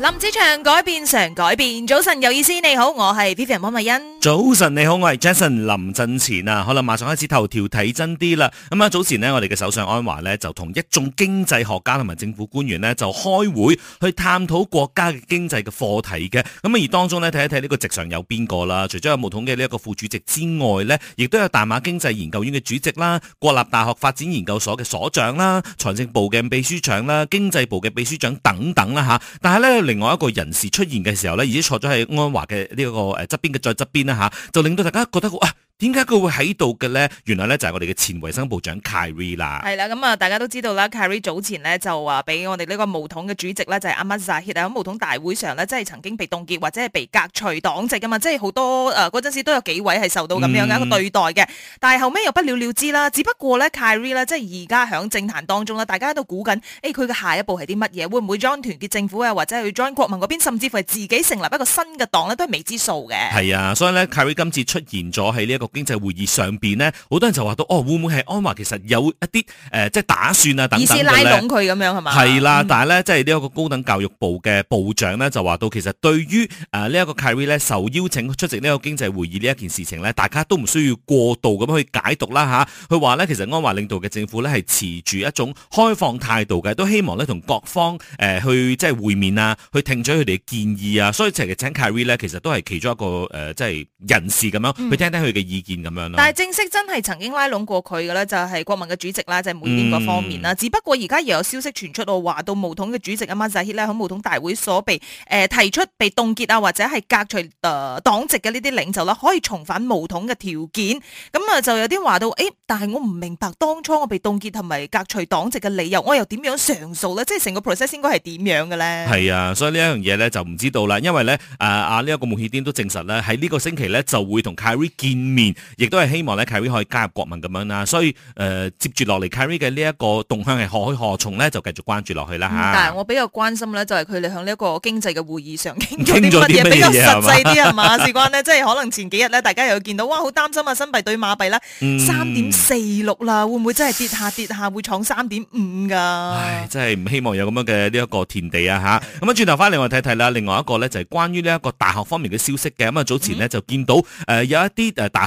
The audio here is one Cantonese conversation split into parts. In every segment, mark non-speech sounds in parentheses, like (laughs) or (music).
林子祥改變常改變，早晨有意思，你好，我係 Vivian 莫密欣。早晨，你好，我係 Jason 林振前啊。好啦，馬上開始頭條睇真啲啦。咁啊，早前呢，我哋嘅首相安華呢，就同一眾經濟學家同埋政府官員呢，就開會去探討國家嘅經濟嘅課題嘅。咁啊，而當中呢，睇一睇呢個席上有邊個啦？除咗有巫統嘅呢一個副主席之外呢，亦都有大馬經濟研究院嘅主席啦、國立大學發展研究所嘅所長啦、財政部嘅秘書長啦、經濟部嘅秘書長等等啦吓。但係呢，另外一個人士出現嘅時候呢，而且坐咗喺安華嘅呢個誒、呃、側邊嘅再側邊，一下就令到大家覺得個啊。點解佢會喺度嘅咧？原來咧就係我哋嘅前衛生部長 Khairy 啦。係啦，咁啊，大家都知道啦，Khairy 早前咧就話俾我哋呢個巫統嘅主席咧就係 Ahmad Zahid，喺巫統大會上咧，即係曾經被凍結或者係被革除黨籍噶嘛，即係好多誒嗰陣時都有幾位係受到咁樣嘅一個對待嘅。嗯、但係後尾又不了了了之啦。只不過咧 Khairy 咧即係而家響政壇當中啦，大家喺度估緊，誒佢嘅下一步係啲乜嘢？會唔會 join 團結政府啊？或者去 join 國民嗰邊？甚至乎係自己成立一個新嘅黨咧，都係未知數嘅。係啊，所以咧 Khairy 今次出現咗喺呢一個。經濟會議上邊呢，好多人就話到，哦，會唔會係安華其實有一啲誒、呃，即係打算啊等等拉攏佢咁樣係嘛？係啦，但係咧，即係呢一個高等教育部嘅部長咧，就話到其實對於誒、呃這個 er、呢一個 Kerry 咧受邀請出席呢個經濟會議呢一件事情咧，大家都唔需要過度咁去解讀啦嚇。佢話咧，其實安華領導嘅政府咧係持住一種開放態度嘅，都希望咧同各方誒、呃、去即係會面啊，去聽取佢哋嘅建議啊。所以其實請 Kerry 咧，其實都係其中一個誒、呃，即係人士咁樣去聽聽佢嘅意見、嗯。咁樣但係正式真係曾經拉攏過佢嘅咧，就係、是、國民嘅主席啦，就係梅堅嗰方面啦。嗯、只不過而家又有消息傳出，我話到毛統嘅主席阿馬澤歇咧，喺毛統大會所被誒、呃、提出被凍結啊，或者係革除誒黨籍嘅呢啲領袖啦，可以重返毛統嘅條件。咁、嗯、啊，就有啲話到，誒、欸，但係我唔明白當初我被凍結同埋革除黨籍嘅理由，我又點樣上訴咧？即係成個 process 應該係點樣嘅咧？係啊，所以呢一樣嘢咧就唔知道啦，因為咧誒、呃、啊呢一、這個梅堅都證實咧，喺呢個星期咧就會同 Kerry 見面。亦都係希望咧 Carrie 可以加入國民咁樣啦，所以誒、呃、接住落嚟 Carrie 嘅呢一個動向係何去何從咧，就繼續關注落去啦嚇、嗯。但係我比較關心咧，就係佢哋響呢一個經濟嘅會議上傾咗啲乜嘢，比較實際啲係嘛？事關呢，即係可能前幾日咧，大家又見到哇，好擔心啊，新幣對馬幣啦，三點四六啦，會唔會真係跌下跌下會闖三點五噶？真係唔希望有咁樣嘅呢一個田地啊嚇。咁啊，轉頭翻嚟我睇睇啦，另外一個咧就係關於呢一個大學方面嘅消息嘅。咁、嗯、啊，早前呢，就見到誒、呃、有一啲誒大。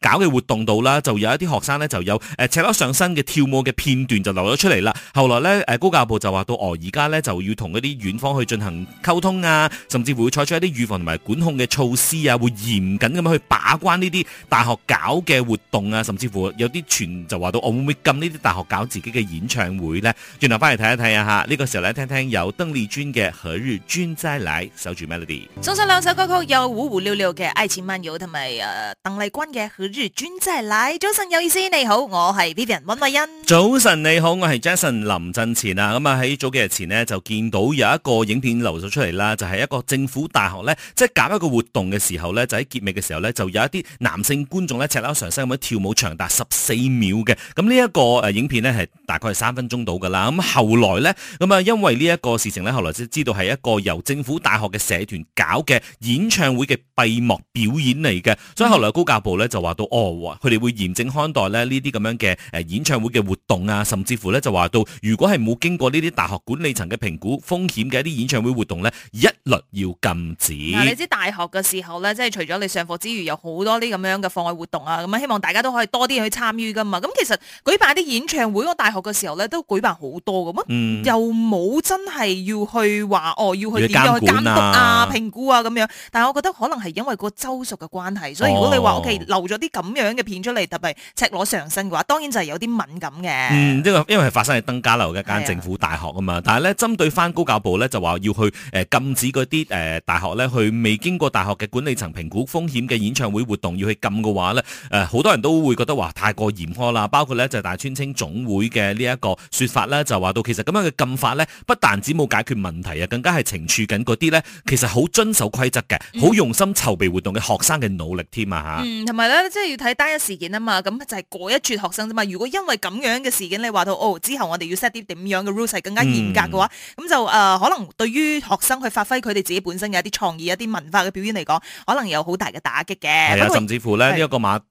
搞嘅活動度啦，就有一啲學生呢就有誒、呃、赤裸上身嘅跳舞嘅片段就流咗出嚟啦。後來呢，誒、呃、高教部就話到，哦而家呢，就要同一啲院方去進行溝通啊，甚至乎會採取一啲預防同埋管控嘅措施啊，會嚴謹咁去把關呢啲大學搞嘅活動啊，甚至乎有啲傳就話到，我會唔會禁呢啲大學搞自己嘅演唱會呢？會來看一看一」轉頭翻嚟睇一睇啊嚇！呢個時候呢聽聽有鄧麗君嘅《何日君再來》，守住 Melody，送上兩首歌曲，有五五六六嘅《愛情漫遊》同埋誒鄧麗君嘅《如尊姐奶早晨有意思你好，我係 Vivian 温慧欣。早晨你好，我係 Jason 林振前啊。咁啊喺早幾日前咧就見到有一個影片流咗出嚟啦，就係、是、一個政府大學咧即係搞一個活動嘅時候咧，就喺結尾嘅時候咧就有一啲男性觀眾咧赤裸上身咁樣跳舞長達十四秒嘅。咁呢一個誒影片咧係大概係三分鐘到噶啦。咁、嗯、後來咧咁啊因為呢一個事情咧後來先知道係一個由政府大學嘅社團搞嘅演唱會嘅閉幕表演嚟嘅，嗯、所以後來高教部咧就話。哦，佢哋會嚴正看待咧呢啲咁樣嘅誒演唱會嘅活動啊，甚至乎咧就話到，如果係冇經過呢啲大學管理層嘅評估風險嘅一啲演唱會活動咧，一律要禁止。嗯、你知大學嘅時候咧，即係除咗你上課之餘，有好多啲咁樣嘅課外活動啊，咁啊，希望大家都可以多啲去參與噶嘛。咁其實舉辦啲演唱會，我大學嘅時候咧都舉辦好多嘅噉，嗯、又冇真係要去話哦，要去點樣要去，監、啊、去監督啊、評估啊咁樣。但係我覺得可能係因為個州屬嘅關係，所以如果你話 O K 留咗啲。咁樣嘅片出嚟，特別赤裸上身嘅話，當然就係有啲敏感嘅。嗯，因為因為發生喺登嘉樓嘅一間政府大學啊嘛，但係咧針對翻高教部咧就話要去誒禁止嗰啲誒大學咧去未經過大學嘅管理層評估風險嘅演唱會活動要去禁嘅話咧，誒好多人都會覺得話太過嚴苛啦。包括咧就係大專青總會嘅呢一個說法咧，就話到其實咁樣嘅禁法咧，不但止冇解決問題啊，更加係懲處緊嗰啲咧其實好遵守規則嘅、好用心籌備活動嘅學生嘅努力添啊吓。同埋咧。嗯即係要睇單一事件啊嘛，咁就係嗰一撮學生啫嘛。如果因為咁樣嘅事件，你話到哦，之後我哋要 set 啲點樣嘅 rules 係更加嚴格嘅話，咁、嗯、就誒、呃，可能對於學生去發揮佢哋自己本身嘅一啲創意、一啲文化嘅表演嚟講，可能有好大嘅打擊嘅。的他甚至乎咧，呢一個馬。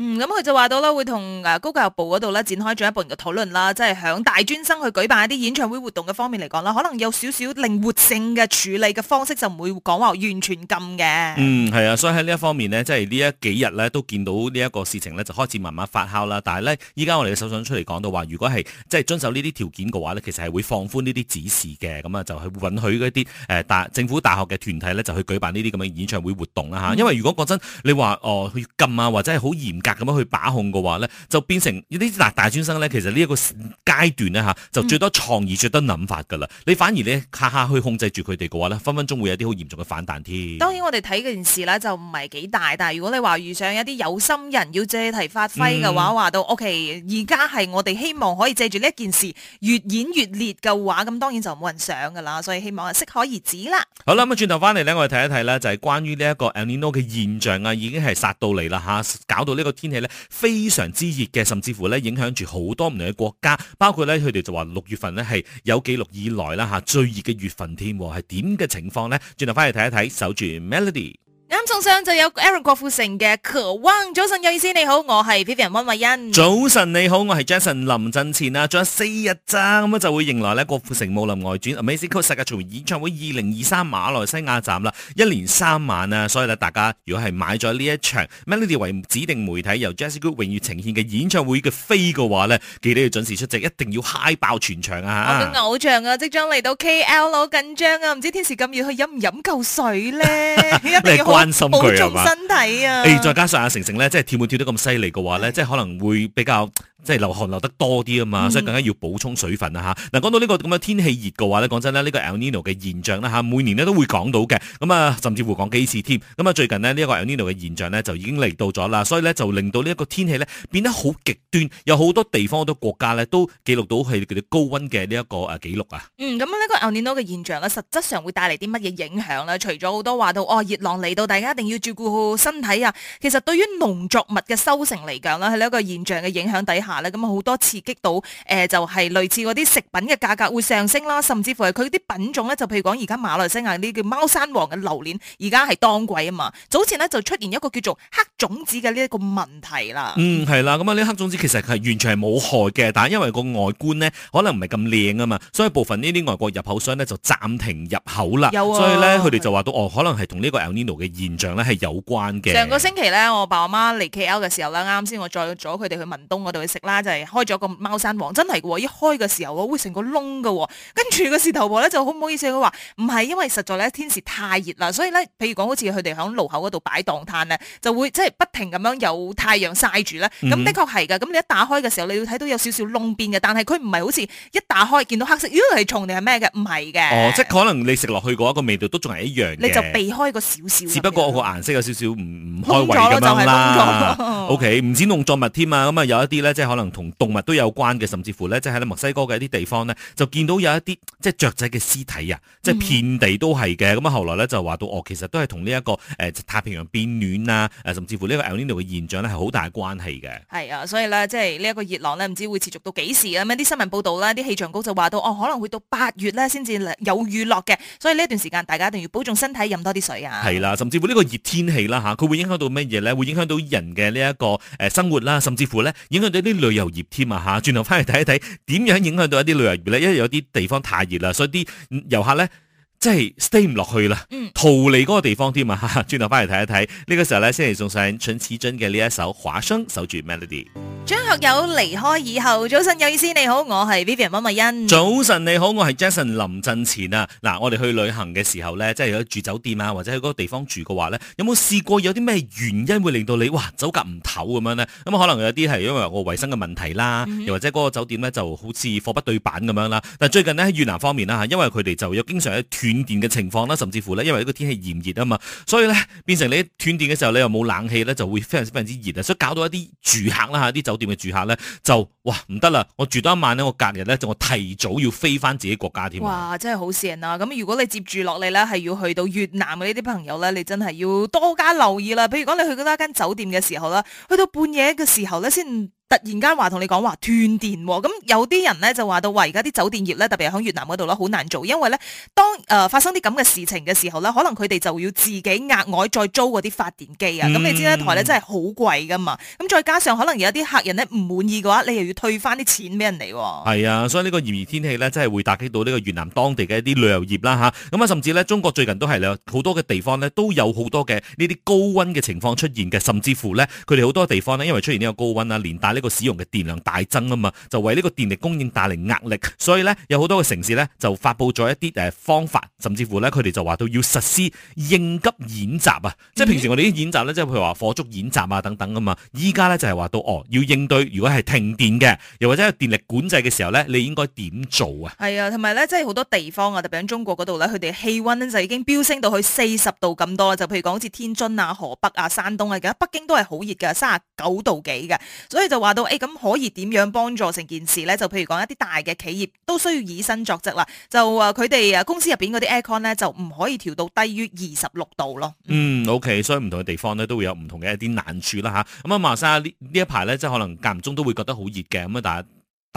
嗯，咁佢就話到啦，會同誒高教育部嗰度咧展開咗一部分嘅討論啦，即係響大專生去舉辦一啲演唱會活動嘅方面嚟講啦，可能有少少靈活性嘅處理嘅方式，就唔會講話完全禁嘅。嗯，係啊，所以喺呢一方面呢，即係呢一幾日咧都見到呢一個事情咧，就開始慢慢發酵啦。但係呢，依家我哋嘅首相出嚟講到話，如果係即係遵守呢啲條件嘅話呢，其實係會放寬呢啲指示嘅，咁啊就去允許啲大、呃、政府大學嘅團體咧就去舉辦呢啲咁嘅演唱會活動啦、嗯、因為如果講真，你話哦去禁啊或者係好嚴。咁樣去把控嘅話咧，就變成大大呢啲嗱大專生咧，其實呢一個階段咧嚇，就最多創意，嗯、最多諗法噶啦。你反而咧下一下去控制住佢哋嘅話咧，分分鐘會有啲好嚴重嘅反彈添。當然我哋睇嗰件事咧就唔係幾大，但係如果你話遇上一啲有心人要借題發揮嘅話，話、嗯、到 O K，而家係我哋希望可以借住呢一件事越演越烈嘅話，咁當然就冇人想噶啦。所以希望係適可而止啦。好啦咁啊，轉頭翻嚟咧，我哋睇一睇咧，就係關於呢一個 El Niño 嘅現象啊，已經係殺到嚟啦嚇，搞到呢、呢個。天氣咧非常之熱嘅，甚至乎咧影響住好多唔同嘅國家，包括咧佢哋就話六月份咧係有記錄以來啦嚇，最熱嘅月份添。係點嘅情況呢？轉頭翻嚟睇一睇，守住 Melody。啱、嗯、送上就有 Aaron 郭富城嘅 One 早晨有意思你好，我係 Vivian 温慧欣。早晨你好，我係 Jason 林振前啊，仲有四日咋咁啊就會迎來咧郭富城《武林外傳》Amazing g o 世界巡回演唱會二零二三馬來西亞站啦，一連三晚啊，所以咧大家如果係買咗呢一場，Melody 為指定媒體由 j e s s i n g g o 榮譽呈現嘅演唱會嘅飛嘅話呢記得要準時出席，一定要 high 爆全場啊！我個偶像啊，即將嚟到 KL 好緊張啊，唔知天時咁熱去飲唔飲夠水咧， (laughs) 是乖 一定要關心佢係嘛？身體啊，誒、啊哎，再加上阿成成咧，即係跳舞跳得咁犀利嘅話咧，的即係可能會比較。即係流汗流得多啲啊嘛，所以更加要補充水分啊嚇！嗱、嗯，講到呢個咁嘅天氣熱嘅話咧，講真呢，呢、呢個 El Nino 嘅現象咧嚇，每年咧都會講到嘅，咁啊甚至乎講幾次添。咁啊最近呢，呢一個 El Nino 嘅現象咧就已經嚟到咗啦，所以咧就令到呢一個天氣咧變得好極端，有好多地方好多國家咧都記錄到佢哋高溫嘅呢一個誒記錄啊。咁呢、嗯、個 El Nino 嘅現象咧，實質上會帶嚟啲乜嘢影響咧？除咗好多話到哦熱浪嚟到，大家一定要照顧好身體啊。其實對於農作物嘅收成嚟講咧，喺呢一個現象嘅影響底下。咧，咁啊好多刺激到誒，就係類似嗰啲食品嘅價格會上升啦，甚至乎係佢啲品種咧，就譬如講而家馬來西亞呢叫貓山王嘅榴蓮，而家係當季啊嘛。早前咧就出現一個叫做黑種子嘅呢一個問題啦。嗯，係啦，咁啊呢黑種子其實係完全係冇害嘅，但係因為個外觀咧可能唔係咁靚啊嘛，所以部分呢啲外國入口商咧就暫停入口啦。有啊。所以咧佢哋就話到哦，可能係同呢個 El Nino 嘅現象咧係有關嘅。上個星期咧，我爸我媽嚟 KL 嘅時候咧，啱先我再咗佢哋去文東嗰度嘅食。啦，就係開咗個貓山王，真係嘅，一開嘅時候啊，會成個窿嘅。跟住個舌頭婆咧就好唔好意思，佢話唔係，因為實在咧天時太熱啦，所以咧，譬如講好似佢哋喺路口嗰度擺檔攤咧，就會即係、就是、不停咁樣有太陽曬住咧。咁的確係噶，咁你一打開嘅時候，你要睇到有少少窿邊嘅，但係佢唔係好似一打開見到黑色，咦係蟲定係咩嘅？唔係嘅。哦，即係可能你食落去嘅話，個味道都仲係一樣嘅。你就避開個少少。只不過個顏色有少少唔唔開胃咁樣啦。O K，唔止農作物添啊，咁啊有一啲咧即係。可能同動物都有關嘅，甚至乎咧，即喺墨西哥嘅一啲地方呢，就見到有一啲即雀仔嘅屍體啊，即遍地都係嘅。咁啊、嗯，後來咧就話到哦，其實都係同呢一個、呃、太平洋變暖啊，甚至乎呢個 El Nino 嘅現象係好大關係嘅。係啊，所以咧，即係呢一個熱浪咧，唔知會持續到幾時咁，啲新聞報道啦，啲氣象局就話到哦，可能會到八月咧先至有雨落嘅。所以呢一段時間，大家一定要保重身體，飲多啲水啊。係啦、啊，甚至乎呢個熱天氣啦嚇，佢會影響到乜嘢咧？會影響到人嘅呢一個、呃、生活啦，甚至乎咧影響到呢。旅遊業添啊嚇，轉頭翻嚟睇一睇點樣影響到一啲旅遊業咧？因為有啲地方太熱啦，所以啲遊客咧。即係 stay 唔落去啦，嗯、逃離嗰個地方添啊！轉頭翻嚟睇一睇，呢、呢個時候呢，先期送上陳始進嘅呢一首《華商守住 Melody》。張學友離開以後，早晨有意思你好，我係 Vivian 溫美欣。早晨你好，我係 Jason 林振前啊！嗱，我哋去旅行嘅時候呢，即係如果住酒店啊，或者喺嗰個地方住嘅話呢，有冇試過有啲咩原因會令到你哇走夾唔唞咁樣呢？咁、嗯、可能有啲係因為我衞生嘅問題啦，嗯、哼又或者嗰個酒店呢就好似貨不對板咁樣啦。但最近呢，喺越南方面啦、啊、因為佢哋就有經常斷電嘅情況啦，甚至乎咧，因為呢個天氣炎熱啊嘛，所以咧，變成你斷電嘅時候，你又冇冷氣咧，就會非常非常之熱啊，所以搞到一啲住客啦吓，啲酒店嘅住客咧就哇唔得啦，我住多一晚咧，我隔日咧就我提早要飛翻自己國家添。哇，真係好事人啊！咁如果你接住落嚟咧，係要去到越南嘅呢啲朋友咧，你真係要多加留意啦。譬如講你去到一間酒店嘅時候啦，去到半夜嘅時候咧先。突然間話同你講話斷電喎，咁有啲人咧就話到話，而家啲酒店業咧特別係響越南嗰度咧，好難做，因為咧當誒、呃、發生啲咁嘅事情嘅時候咧，可能佢哋就要自己額外再租嗰啲發電機啊，咁、嗯、你知一台咧真係好貴噶嘛，咁再加上可能有啲客人咧唔滿意嘅話，你又要退翻啲錢俾人嚟喎。係啊，所以呢個炎熱天氣咧，真係會打擊到呢個越南當地嘅一啲旅遊業啦吓，咁啊，啊甚至咧中國最近都係有好多嘅地方咧都有好多嘅呢啲高溫嘅情況出現嘅，甚至乎咧佢哋好多地方咧因為出現呢個高溫啊，連帶。呢個使用嘅電量大增啊嘛，就為呢個電力供應帶嚟壓力，所以咧有好多嘅城市咧就發佈咗一啲誒、呃、方法，甚至乎咧佢哋就話到要實施應急演習啊，即係平時我哋啲演習咧，即係譬如話火燭演習啊等等啊嘛。依家咧就係、是、話到哦，要應對如果係停電嘅，又或者係電力管制嘅時候咧，你應該點做啊？係啊，同埋咧即係好多地方啊，特別喺中國嗰度咧，佢哋氣溫就已經飆升到去四十度咁多喇，就譬如講好似天津啊、河北啊、山東啊，而家北京都係好熱㗎，卅九度幾嘅，所以就話。話到誒，咁可以點樣幫助成件事咧？就譬如講一啲大嘅企業都需要以身作則啦。就誒，佢哋誒公司入邊嗰啲 aircon 咧，就唔可以調到低於二十六度咯。嗯，嗯，OK，所以唔同嘅地方咧都會有唔同嘅一啲難處啦吓。咁、嗯、啊，馬生呢呢一排咧，即係可能間唔中都會覺得好熱嘅咁啊，但係。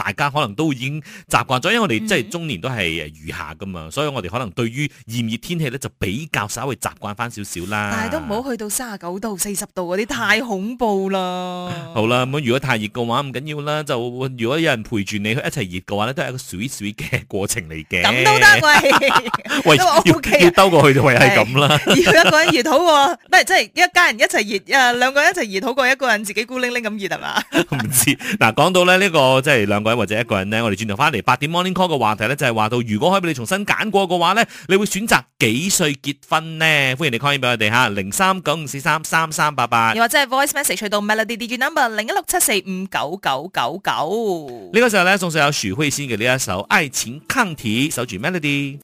大家可能都已經習慣咗，因為我哋即係中年都係誒餘下噶嘛，嗯、所以我哋可能對於炎熱天氣咧就比較稍微習慣翻少少啦。但係都唔好去到卅九度、四十度嗰啲，嗯、太恐怖啦。好啦，咁如果太熱嘅話唔緊要啦，就如果有人陪住你一齊熱嘅話咧，都係一個水水嘅過程嚟嘅。咁都得喂，喂，要要兜過去就係咁啦。要一個人熱好過，即係、哎、一家人， (laughs) 人一齊熱，誒兩個一齊熱好過一個人自己孤零零咁熱係嘛？唔知嗱，講到咧、這、呢個即係、就是、兩個。或者一個人咧，我哋轉頭翻嚟八點 Morning Call 嘅話題咧，就係話到，如果可以俾你重新揀過嘅話咧，你會選擇幾歲結婚呢？歡迎你 call in 俾我哋嚇，零三九五四三三三八八，又或者係 Voice Message 去到 Melody Digi Number 零一六七四五九九九九。呢個時候咧，送上由徐熙先嘅呢一首《愛情抗體》，守住 Melody。